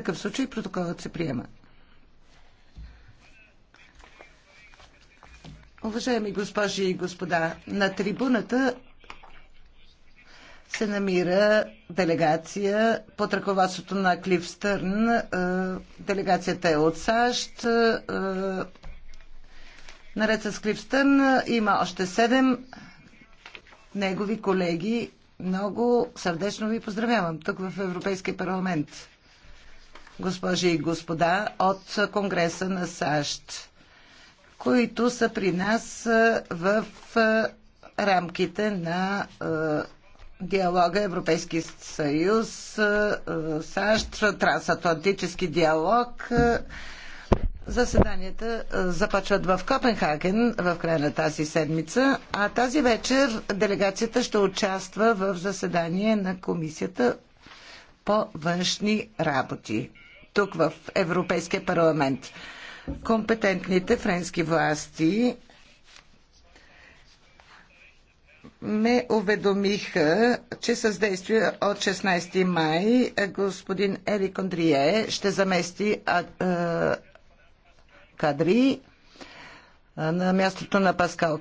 такъв случай протоколът се приема. Уважаеми госпожи и господа, на трибуната се намира делегация под ръководството на Клиф Стърн. Е, делегацията е от САЩ. Е, наред с Клиф Стърн има още седем негови колеги. Много сърдечно ви поздравявам тук в Европейския парламент госпожи и господа, от Конгреса на САЩ, които са при нас в рамките на диалога Европейски съюз, САЩ, трансатлантически диалог. Заседанията започват в Копенхаген в края на тази седмица, а тази вечер делегацията ще участва в заседание на Комисията по външни работи тук в Европейския парламент. Компетентните френски власти ме уведомиха, че с действие от 16 май господин Ерик Андрие ще замести а, а, кадри на мястото на Паскал